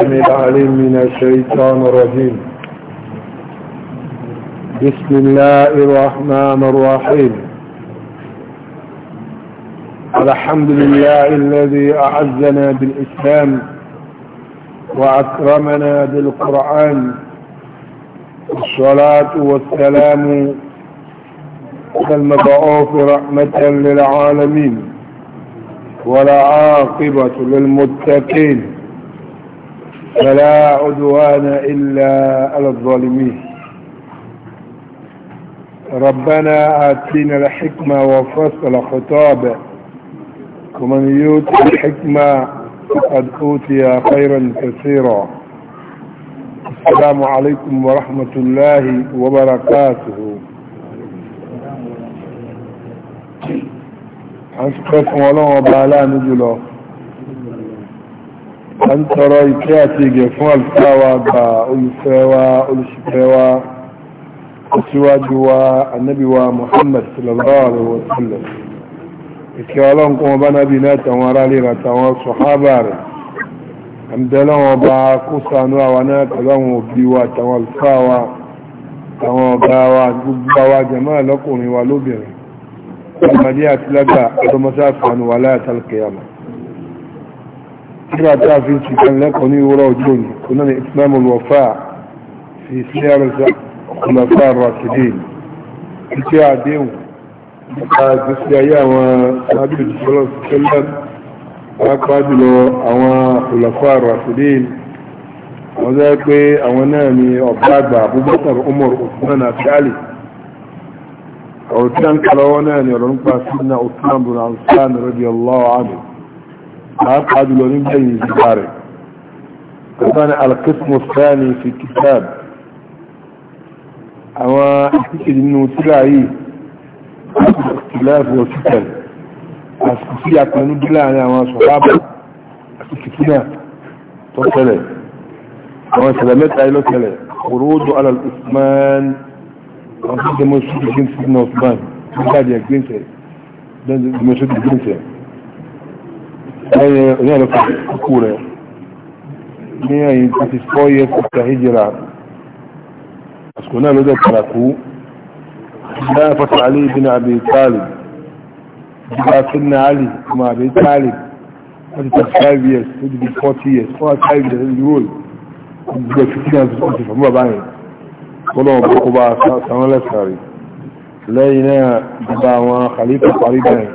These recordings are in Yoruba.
من العليم من الشيطان الرجيم بسم الله الرحمن الرحيم الحمد لله الذي أعزنا بالإسلام وأكرمنا بالقرآن الصلاة والسلام المبعوف رحمة للعالمين ولا عاقبة للمتقين فلا عدوان إلا على الظالمين ربنا آتينا الحكمة وفصل خطابه ومن يؤت الحكمة فقد أوتي خيرا كثيرا السلام عليكم ورحمة الله وبركاته عن سكرة مولانا وبعلا نجله ń tọrọ ìkẹ́ àti ìgẹ̀ fún alfáwa gba olùfẹ́wa olùsìfẹ́wa aṣíwájú wa annabiwa muhammad sallallahu alaihi wasallam ìkẹ́ ọlọ́run kọmọ bá nábi náà tàwọn ará lè ra tàwọn sọ̀hábà rẹ̀ àmdẹ́lọ́wọ́n bá kó sànú àwa náà tàwọn òbí wa tàwọn alfáwa tàwọn ọ̀gá wa gbogbo wa jẹ́mọ́ lọ́kùnrin wa lóbìnrin ọmọdé àti lágbà ọdọmọsáfà nù wà láyàtàlùkẹ́yàmọ́ كما تعرفين كان لقني وراء جوني كنا إتمام الوفاء في سيارة خلفاء الراشدين في عديو بس يا وصحابي صلى الله عليه وسلم أقعد له أوا خلفاء الراشدين وذا كي أوا نامي أبعد أبو بكر عمر عثمان علي أو كان كلوانا يرون فاسدنا عثمان بن عفان رضي الله عنه pàápàá jùlọ nígbà yìí ìgbà rẹ̀ kọ́tà ní alkismu sani fi kitab àwọn ìkíkèjì nínú tíra yìí láàfin òsìkẹ̀lì àsìkò sí àpẹẹnú bí láàrin àwọn sọ̀hábà àti kìtìnà tó tẹ́lẹ̀ àwọn ìṣẹ̀lẹ̀ mẹ́ta ilọ́ tẹ́lẹ̀ òróòdó alàlùsùmán àwọn tó demonstrate against signal ban tó jáde against it lẹ́yìn ìyá ló kàkí kúkú rẹ̀ ní ẹ̀yìn thirty four years after hijira àsìkò náà ló dẹ̀ padà kú láyé fata ali bin abi talib jìbá sinna ali ọmọ abi talib wọ́n ti thirty five years ó ti di forty years four or five years ní rúwòlì gbogbo fifteen years ó ti fàmú bàbá yẹn kọ́lọ́ ọ̀bọ̀ kó bá sanwó lẹ́sàárì lẹ́yìn náà jìbá àwọn khalifa parí bẹ́ẹ̀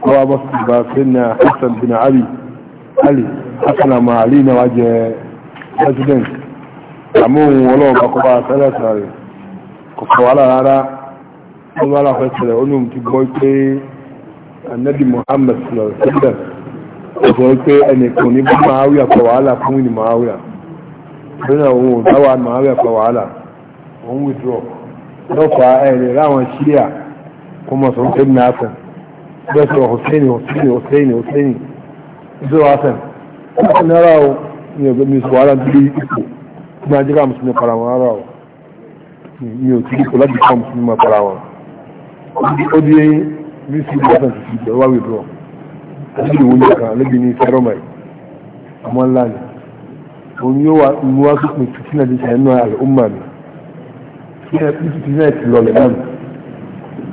kowa ba su ba sinna hassan bin ali ali hassan ma ali na waje president amun ọlọ́ọ̀bá kọba sẹ́lẹ̀sà rẹ̀ kọ̀kọ̀ wàhálà rárá wọ́n wá láfẹ́ sẹ̀rẹ̀ ó ní òun ti gbọ́ pé anabi muhammad sallallahu alaihi wasallam ọ̀sọ̀ pé ẹnìkan ní bá ma'áwíà pa wàhálà fún ìní ma'áwíà lónà òun ò dáwà ma'áwíà pa wàhálà òun withdraw lọ́pàá ẹ̀rẹ̀ láwọn síríà kó mọ̀ sọ́n tẹ́lẹ̀ náà bẹ́sẹ̀ hussein hussein hussein hussein ìṣòro hasan láti nára o ní ọgbẹ́ mi sọ ara nílé ipò tí máa jẹ́ká musulmi para wọn ara o mi ò tí ipò láti kọ́ musulmi máa para wọn ó di bí sí ìlú hasan ti fi wá wìdúrọ̀ àti ìlú oúnjẹ kan lẹ́bi ní sẹ́rọ̀mọ̀ yìí àmọ́ ńlá ni òun yóò wá ìmúwá sópin fìtínà ti sẹ́yìn náà àlè ó mà mí fìtínà ti lọlẹ̀ náà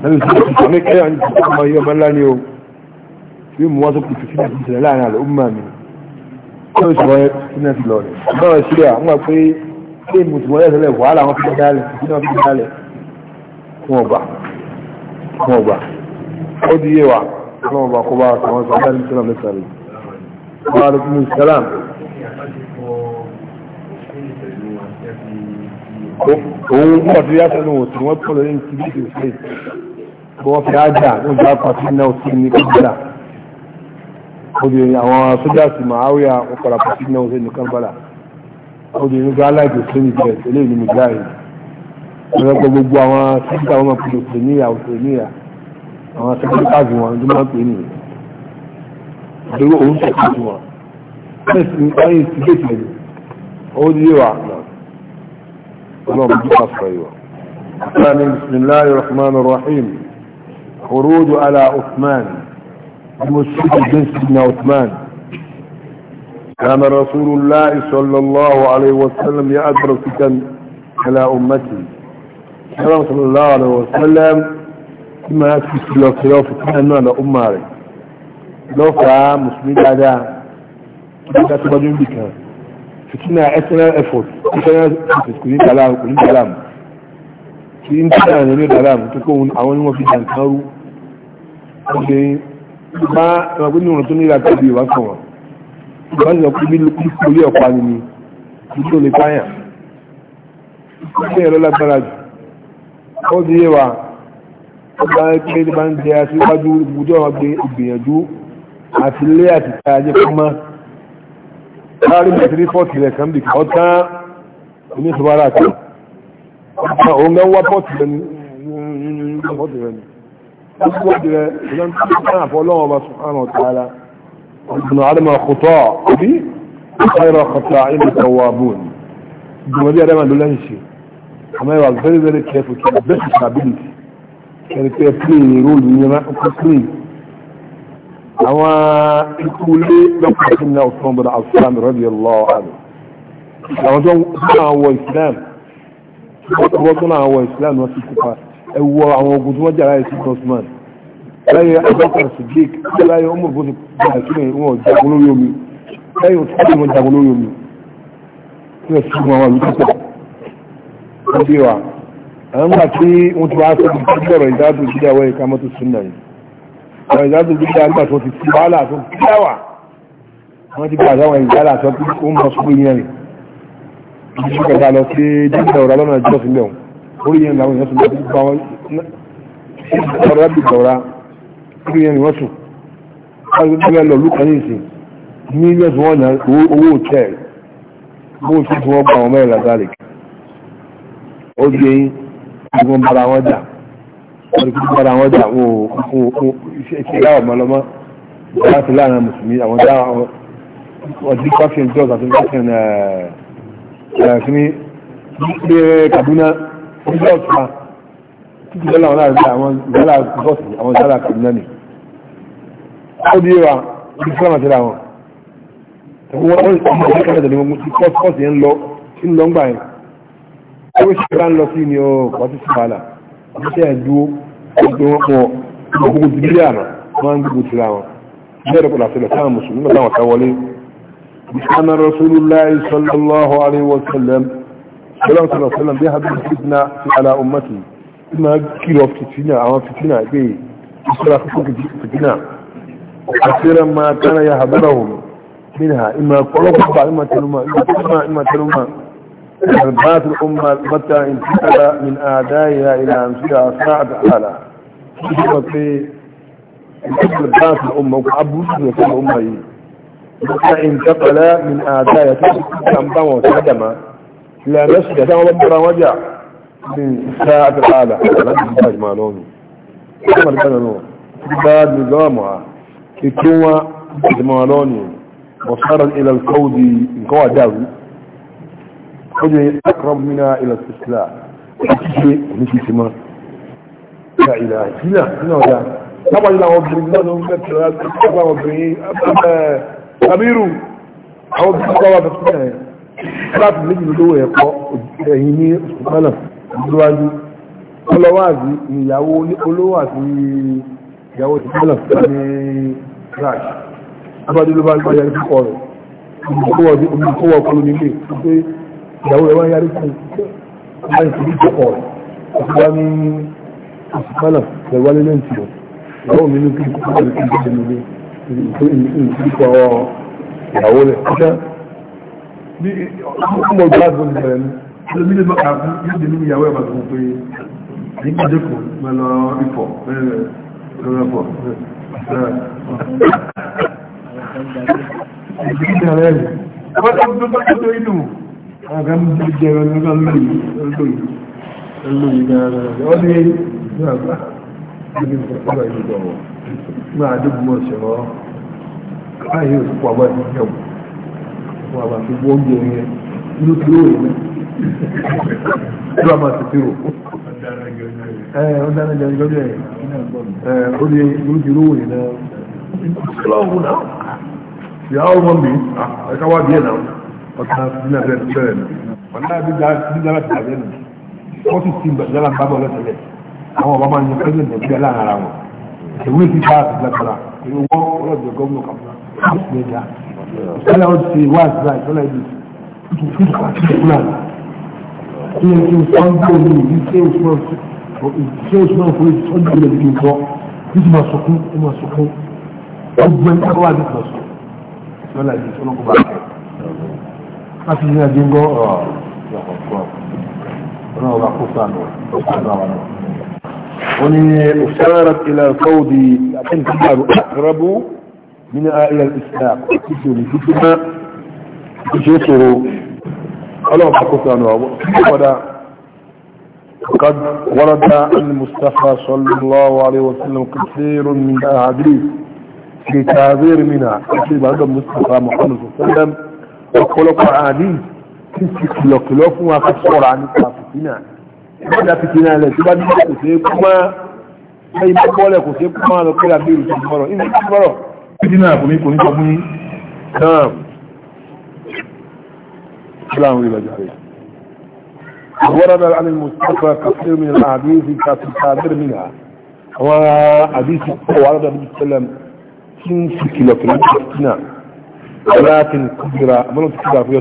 lẹ́yìn tí ó ti sọ ní kẹ́yà ní ti ọmọ yìí ọmọ ńlá ni o tí mo wá sọ pé fìtínà ti ṣẹlẹ̀ láàrin àlọ́ ọmọ mi kí ló sọ fìtínà ti lọ rẹ̀ báwọn sílẹ̀ àwọn gbà pé pé òun mọ̀ sí yàtọ̀ ní òtún wọn pọ̀ lórí ní ti bí ìṣẹ̀lẹ̀ wọ́n fi ájà wọ́n já pàtínà òsì ní kábàlá obìnrin àwọn sójà sì máa áwíyà wọ́n padà pàtínà òsì ní kábàlá obìnrin gá aláìkò sí ní ìbẹ̀rẹ̀ tẹ́lẹ̀ ní mìgáì ọ̀rẹ́pọ̀ gbogbo àwọn sójà wọn pè pè níyà òsè níyà àwọn sójà káàdì wọn ló máa pè ní ìdúró òun tó sí wọn ẹ̀sìn ẹ̀yìn ti dé tẹ̀lé ó ní ìwà ọlọ́run bí wàá sọ ìwà. بسم الله الرحمن الرحيم خروج على عثمان المسجد بن سيدنا عثمان كان رسول الله صلى الله عليه وسلم يأدر سكن على أمتي كان صلى الله عليه وسلم كما يسكت له خلافة كان على أماري لو كان مسلمين هذا كنت أتبادل بك فكنا أثناء أفوت كنت أتبادل بك كنت أتبادل بك kì í tí àwọn ìlú ìdàrà tó kó àwọn ni wọ́n fi jàǹkárú ṣe bá ẹwàgbé ní ọ̀rọ̀ tó ní ìlàkà bí ìwà kan wọ́n wọ́n ti ọkùnrin bí kò lé ọ̀pá ni ni kí tó lè páyà ṣe ẹ̀rọ lágbára jù ó di yé wa ó bá ń pé ní bá ń jẹ aṣíwájú ibùdó àwọn gbé ìgbìyànjú àti ilé àti ta ajé fún mọ́ láàrin mẹ́tìrí rẹ̀ kan bì kọ́ tán oníṣòwò ara kan òun gan wá pọ́ọ̀tù rẹ̀ ní pọ́ọ̀tù rẹ̀ ní pọ́ọ̀tù rẹ̀ ìlànà tí wọ́n kàn àfọ́ lọ́wọ́ bá subhanahu wa ta'ala ọ̀dùnà àdàmà kòtọ́ àbí ọ̀rọ̀ kọ̀tà ìlú tọwọ́ abúlé ìgbìmọ̀ bí àdàmà ló lẹ́yìn ṣe àmọ́ ìwà very very careful to the best of your ability kẹ́rì pé play role ní ọkọ̀ play àwọn ìkúlé lọ́kọ̀ọ́sìn náà ọ̀sán bọ̀dọ̀ àfúrán radiyallahu anhu àwọn tó ń wọ ìsìlámù ọgbọ́n tó náà wọ islam náà ti kópa ẹwọ àwọn ogun tí wọ́n jà láyé sí gosman láyé abẹ́kàn sidik láyé ọmọ ògbó ti gbà sílẹ̀ wọn jagun lórí omi láyé òtútù wọn jagun lórí omi tí wọ́n sì mú àwọn àlùkò pọ̀ wọ́n bí wa àwọn gbà tí wọ́n ti wá sí ibi tí ọ̀rọ̀ ìdájọ́ ìdílé àwọn ẹ̀ka mọ́tò sunna yìí ọ̀rọ̀ tó ti fi wọ́n ti gbà àwọn ìdájọ́ àti ọkùnrin ó mọ̀ sókè yẹn rẹ̀ ìdíjú kọba lọ sí jíjẹ ọ̀rọ̀ lọ́nà ìjọ sílẹ̀ òun orí yẹn làwọn èèyàn sùn lọ sí báwọn ọ̀rọ̀ bí ìdọ̀ra orí yẹn ni wọ́n sùn wọ́n ti bẹ́ẹ̀ lọ lùkọ́ ní ìsìn ní yẹ́sù wọn náà owó òtẹ́ owó tí wọ́n gba àwọn mẹ́rin làzàlẹ̀ ó di eyín tí wọ́n bára wọn jà wọ́n ti bára wọn jà wọn ò ṣe ìyá ọ̀mọ́lọ́mọ́ láti láàrin mùsùlùmí àwọn dáhùn ọdún kọ́fíìn jọ́ọ̀sì àti kọ́fíìn ẹ̀ẹ́ ẹ̀kíní pé Kaduna ọjọ́ ọ̀tá títí lọ́la wọn láàrin àwọn ìgbàlá bọ́ọ̀sì àwọn ìgbàlá Kaduna ni ó di wa ní fúlàmà síra wọn wọ́n wọ́n ìgbàlá ìgbàlá ni ó kọ́ sí wàhálà iṣẹ́ ń lọ كان رسول الله صلى الله عليه وسلم صلى الله عليه وسلم بهذا الفتنة على أمتي إما كيلو فتنة أو فتنة بي إيه؟ إسرع خطوك فتنة وكثيرا ما كان يهبرهم منها إما قلوبها إما تلوما إما تلوما إما تلوما البات الأمة متى انتقل من آدائها إلى أنفسها ساعة حالة في البات الأمة وعبوس الأمة متى انتقل من آداية أنبا وتعدم إلى مسجد كما وجع من ساعة الآلة لا تحتاج معلومي كما كان نوع بعد نظامها إتوى جمالوني وصارا إلى الكود إن كوا داوي خذ أقرب منا إلى الاستسلام نجي سما لا إله إلا الله طبعا لا وبرنا نوم لا وبرنا samiru àwọn bí wọ́n wà tó fún ẹ̀ láti méjì lówó ẹ̀kọ́ ẹ̀yìn ní ọ̀pọ̀lọpọ̀lọ ìdúwájú ọlọ́wàázi ìyàwó olówó àti ìyàwó ti pọ̀lọ̀ ní crash abájú ló bá gbá yarí púpọ̀ rẹ̀ olùkówó ọkọlù nílé pé ìyàwó rẹ̀ wá yarí fún láì fi ní púpọ̀ rẹ̀ àti wá ní ọ̀pọ̀lọpọ̀lọ rẹ̀ wálé lẹ́ǹtì rẹ̀ ìyàwó mi ní kí n kúkú ìdíkọ̀ ìyàwó rẹ̀ kọjá bí ọmọ gbáàgbọ́n ìbẹ̀rẹ̀ ní ẹlòmílẹ̀ bá kàákú yóò dé nínú ìyàwó ẹ̀bà tó pé nígbà jẹ́kù mẹ́lọ ìfọ̀ lọ́rọ̀pọ̀ Thank you máa dúgbò ṣọ̀rọ̀ káyé òsùpọ̀ àbá ìjọba wọn àbá fi wọ́n jẹ yẹn inú kí ó yẹn tí wọ́n máa tètè rò. ẹ ọ dáná jẹun lọ́dọ̀ ẹ̀ ẹ ó lè inú kí ó yẹn náà ọlọ́run náà ìyá ọmọ mi ẹ̀ka wá bí ẹ̀ náà ọ̀tá sínú abẹ́ bẹ̀rẹ̀ nù wọn náà bí dára ti àbẹ́ nù wọ́n sì ti dára bábọ̀ lọ́tẹ̀lẹ̀ àwọn ọba máa ń yẹ pẹ́sẹ̀ ìwé ti bá àti lágbára ìwé wọ́n ọlọ́dọ̀ gómìnà kàmúlá àti ẹ̀dá ìṣẹ́lẹ̀ ó ti wá àtìlá ìṣẹ́lẹ̀ ìlú tuntun fún ìgbà tí ó kúrò àná kí ẹ kí n sọ ń gbé omi ìlú ṣé òṣùwọ̀n ṣé òṣùwọ̀n fún ìṣọ́ ní ìlú ìlú nǹkan bí ti máa sọkún ó máa sọkún ó gbé ní káwá àti ìṣọ̀ sọ ìṣọ́lá وني أشارت إلى صودي أنت أقرب من إلى الإسلام كتولي كتما جسر الله حقوق وقد قد ورد عن المصطفى صلى الله عليه وسلم كثير من الأحاديث في تعذير منها في بعض المصطفى محمد صلى الله عليه وسلم وخلق أحاديث في يخلق لكم وقد صور عن الكافرين ìbádà fi kìí náà lẹ̀ tó bá dúró kò sí kú mọ́ lẹ́yìn tó bọ́ọ̀lẹ̀ kò sí kú mọ́ lọ kẹ́lá bí ìrìsì bọ́rọ̀ ìrìsì tó bọ́rọ̀ títí náà kò ní kò ní sọ fún yín náà láwọn ìbàjá rẹ̀ ورد عن المصطفى كثير من الأحاديث كثير منها وحديث ورد النبي صلى الله عليه وسلم 5 كيلو كيلو ولكن كبر من كبر في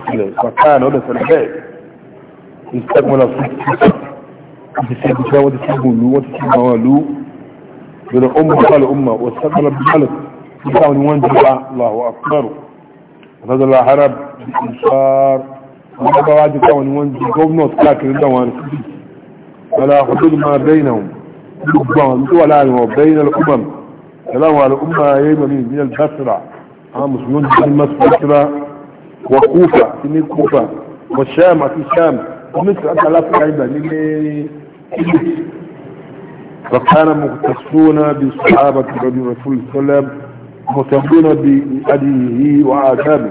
وكان هذا سنبيه استكمل 6 السيد شاء وتسيبه له وتسيبه له بل أمه قال أمه واستقل بجالك يسعون وانجع الله أكبر هذا لا حرب بإنشار ولا بغادي يسعون وانجع قوم نوت كاكر الدوان ولا حدود ما بينهم لبان ولا عالم بين الأمم سلام على أمة يمنين من البسرة عامس ينجح المس بسرة وكوفة سنين كوفة والشام في الشام ومثل أنت لا تقعد من إيه فكان مختصون بصحابة رسول الله صلى الله عليه وسلم مهتمون بأديه وآدابه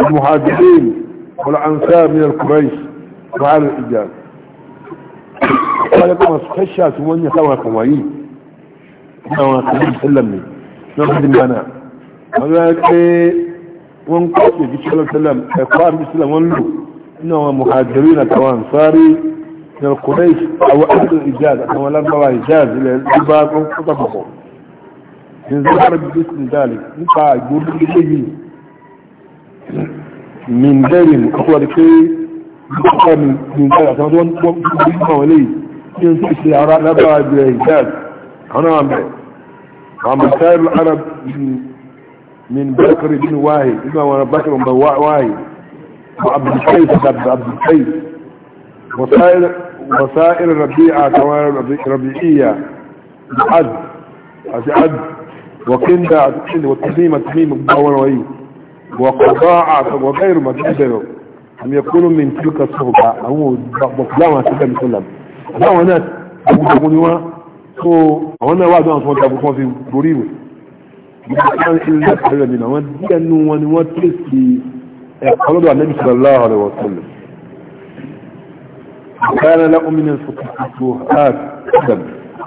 المهاجرين والأنصار من القريش وعلى الإجابة قال لكم أسخشى سواني سوى قوائي سوى قوائي سلمي نحن دمانا ولكن وانقصوا في صلى الله عليه وسلم إقرار بسلم ونلو إنهم مهاجرين كوانصاري من القريش أو أهل الإجازة هو لا يرى إجاز للعباد الإباب من إن ظهر باسم ذلك نقع يقول إليه من غير أخوة لكي يقع من ذلك أعتمدون وقفوا وليه ينسى الشعراء نبع بالإجاز أنا عم عم سائر العرب من بكر بن واهي إما بكر بن واهي وعبد الكيف عبد الكيف وسائر وسائل الربيعة كمان ربيعية عد عد وكندا عد وتميم تميم بقول وهي وقضاء وغير ما تقدروا أم يكونوا من تلك الصحبة أو بقلامة سيدة مسلم لا وناس يقولون هو so àwọn náà wà ní àwọn tí wọ́n ta fún fi borí ìwé wọ́n ti ní láti rẹ̀ nínú àwọn díẹ̀ nínú wọn ni wọ́n tẹ̀sí ẹ̀kọ́ lọ́dọ̀ ànẹ́bí sallallahu alaihi wasallam كان له من الفتوحات قدم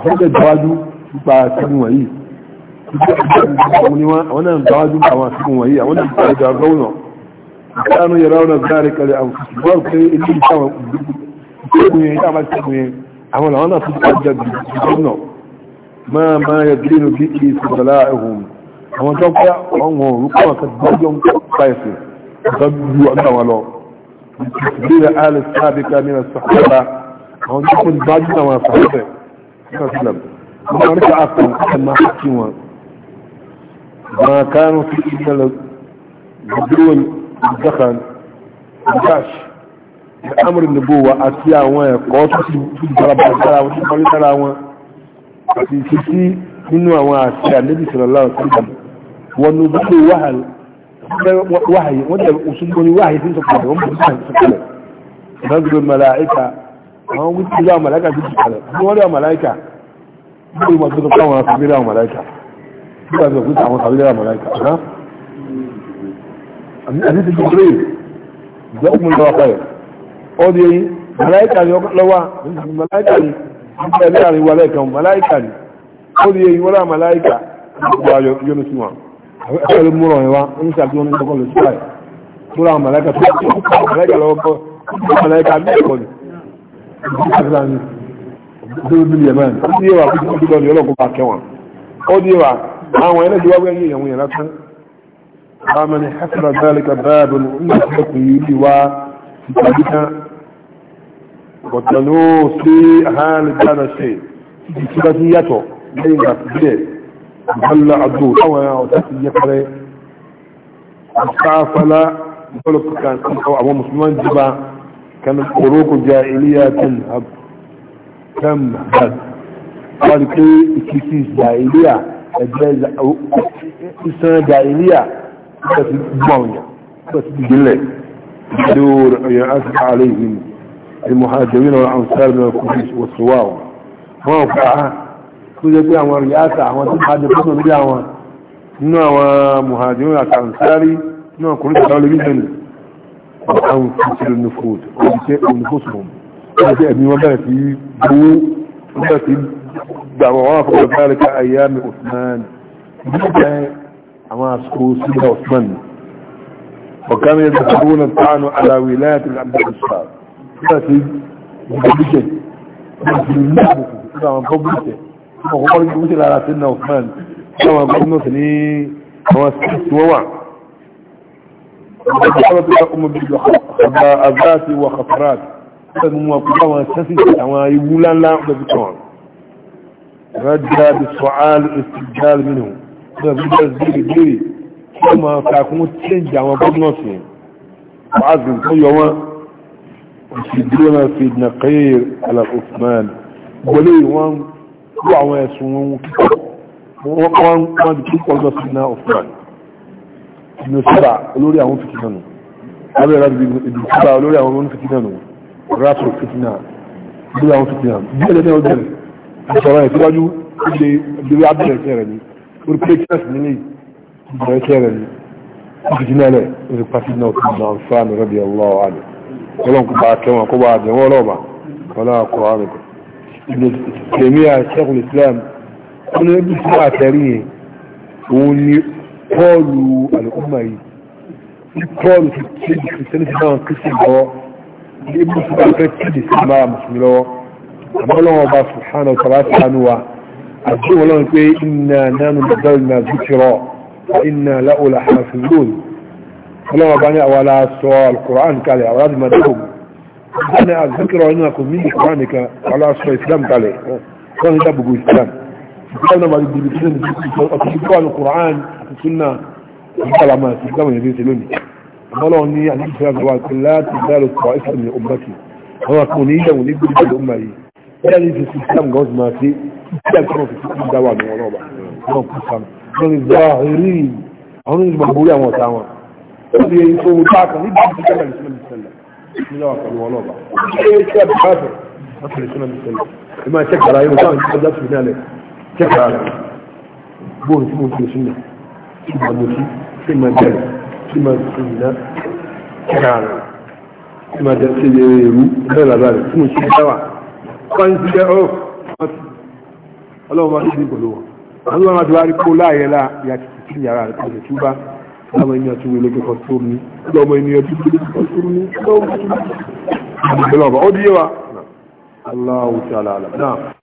هذا الجواد باتن وهي وانا الجواد باتن وهي وانا يتجرون كانوا يرون ذلك لأنفسهم وكي اللي كانوا يتعمل وانا تتجرون ما ما يدين به سبلائهم àwọn tó pẹ́ ọ̀hún òun kọ́ ọ̀kẹ́ gbọ́jọ́ ń pàìsì ọ̀kẹ́ bí ọ̀dá wọn lọ تكبير آل السابقة من الصحابة وان يكون باجنا وصحابة وسلم وما رجع أصلا ما حكيوا ما كانوا في إلا بدون الدخن الجاش لأمر النبوة أتيا وان قوتوا في الضرب والسلام وشمالي سلام في سيسي منه وان أتيا النبي صلى الله عليه وسلم ونبوه وهل wahayi wanda usulmoni wahayi sun sauka da wani mutane su kare idan gudun mala'ika amma wuce zuwa mala'ika su kare kuma wani wa mala'ika su yi masu sauka wa sabi da mala'ika su ka zo kusa wa sabi da mala'ika ha a nisa jibril da umar da wakai odiyoyi mala'ika ne lawa mala'ika ne an kai ne a rewa laikan mala'ika ne odiyoyi wala mala'ika ba yonusuwa ẹ̀kọ́ ló múrọ̀ yẹn wá ń sàbí wọn lọ́kọ̀ lọ sí báyìí tó ra màláìka tó kọ́ màláìka lọ́wọ́ kọ́ màláìka bí ẹ̀kọ́ ni ìdílé ní ìdílé bíi yẹn mẹ́rin ó díẹ̀ wà kó tó dúró ní ọlọ́kọ̀ bá kẹwọn ó díẹ̀ wà àwọn ẹni tí wọ́n wẹ́ yẹn yẹn lásán àmì ní hasra dálíkà báàbù ní ìgbà tó kù yìí bí wá ìtàbí kan bọ̀tẹ̀lú sí àhálì dáná ṣe ìtìtì bá ti yàtọ̀ lẹ́yìn ìgbà tó هلا عدو هو وتاتي يكري استعفل يقولك كان أبو مسلمان جبا كان الخروق الجاهلية تنهب كم هد قال كي كيسيس جاهلية الجاهز أو إنسان جاهلية بس بمعنى بس بجلة دور يأسف عليهم المهاجرين والأنصار من الكفيس والصواو ما وقعها tó jẹ́ pé àwọn rìáta àwọn tí a jẹ́ fún orí àwọn nínú àwọn muhajirun àtàǹsárí náà kò rí ìtàlọ́ lórí ìjẹ́nì àwọn fìtìlì nufus òjíṣẹ́ olùfòsùn ọjọ́ ẹ̀mí wọ́n bẹ̀rẹ̀ sí ọ̀kọ́kọ́ ní gbogbo lára sí náà fún àwọn gómìnà sí ní àwọn sí wọ́n wà ọ̀pọ̀lọpọ̀ tó kọ́ mọ́ bí i ọ̀pọ̀ àzáàtì wà kàfàràt pẹ̀lú wọn kú àwọn sẹ́sì àwọn ewu ńláńlá lọ́bí kan rájá bí sọ́ál ìsìnjáàl mínú lọ́bí bẹ́ẹ̀ zèrè zèrè kí wọ́n máa kàkún tẹ́jì àwọn gómìnà sí wàázù tó yọ náà gbọ́lé wọn lú àwọn ẹ̀sùn wọn kíkọ́ wọ́n kọ́ wọ́n di kíkọ́ lọ sí iná ọ̀fúnrán ìbìnú síbà olórí àwọn fìtínà nù lábẹ́ ìrà ìbìnú síbà olórí àwọn fìtínà nù rásù fìtínà olórí àwọn fìtínà bí ẹ̀lẹ́dẹ́ ọdún ìṣọ̀rọ̀ ìsíwájú ìdè ìdèrè abẹ́rẹ́ ẹ̀sẹ̀ rẹ̀ ni orí pẹ́kẹ́sì nílé ìbẹ̀rẹ̀ ẹ̀sẹ̀ rẹ̀ ni fìtínà rẹ̀ orí pàtínà ọ̀fúnrán àǹfààní rẹ̀ bí ọlọ́ọ̀ àdè ọlọ́ọ̀ kó bá kẹwọn kó bá àdè wọ́n ọlọ́ọ̀ ابن تيمية شيخ الإسلام أنا ابن سبعة تاريه واني قالوا الأمة قالوا في السنة في السنة سنة قسم هو ابن سبعة تاريه سبعة بسم الله أما الله سبحانه وتعالى سبحانه أجيب الله يقول إنا نان بدلنا ذكرى وإنا لأولى حافظون الله أبانا ولا سؤال القرآن قال يا أولاد مدهوم ìdáni àzíkìrọ̀ inú àkó mí nìkan nìkan aláṣọ islam kalẹ̀ wọ́n ní dábòbò islam islam náà bá di gbogbo sílẹ̀ nìkan ọ̀tún tó wà ní quran àti sunna ìgbàlá máa ti islam yẹn ṣe lónìí àmọ́lọ́ ní àdíkìrọ̀ àgbà pé láti dárò sọ islam ní ọmọdé àwọn àkó ní ìyàwó ní gbogbo ìlú ọmọ yìí wọ́n ní ìfisí islam gan ti máa ṣe islam kan fi sí ìdáwà ní wọn ọba wọn kú sam wọn ní zahiri àwọn onígbàgbórí àwọn ọ̀tá wọn wọ́n ti yẹ ìfowópamọ́ nígbà tí wọ́n ti nílò àpẹẹrẹ wọn lọ́ba ṣé ṣé àbúrò wọn kìlì sọ́nà mi sẹ́lẹ̀ ẹ máa ṣẹ́kì ara yẹn mo káwọn ìṣẹ́jọ́ sí nílẹ̀ ṣẹ́kì ara rẹ̀ bóòlù tí mo fi sí nà tí mo mú sí tí mo bẹ̀rẹ̀ tí mo fi yìnà ṣẹ́kì ara rẹ̀ tí mo jẹ́ ṣe èrú bẹ́ẹ̀ lára rẹ̀ tí mo ṣe dáwà wọ́n ti jẹ́ ọ́ ọlọ́run máa ti di ìbò lọ́wọ́ àwọn ọmọdé wa rí kó láàyè lá ìyá títí yàrá ọmọ ènìyàn tún wọlé kẹkọọ tó ní ọmọ ènìyàn tún wọlé kẹkọọ tó ní ọmọ ènìyàn tún wọlé taala. tó